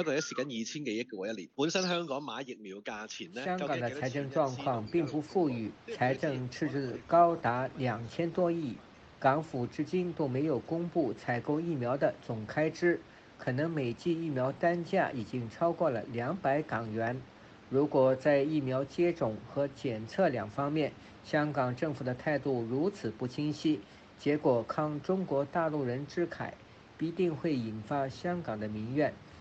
二千幾億喎，一年。本身香港買疫苗價錢呢，香港的財政狀況並不富裕，財政赤字高達兩千多億。港府至今都沒有公布採購疫苗的總開支，可能每劑疫苗單價已經超過了兩百港元。如果在疫苗接種和檢測兩方面，香港政府的態度如此不清晰，結果慷中國大陸人之慨，必定會引發香港的民怨。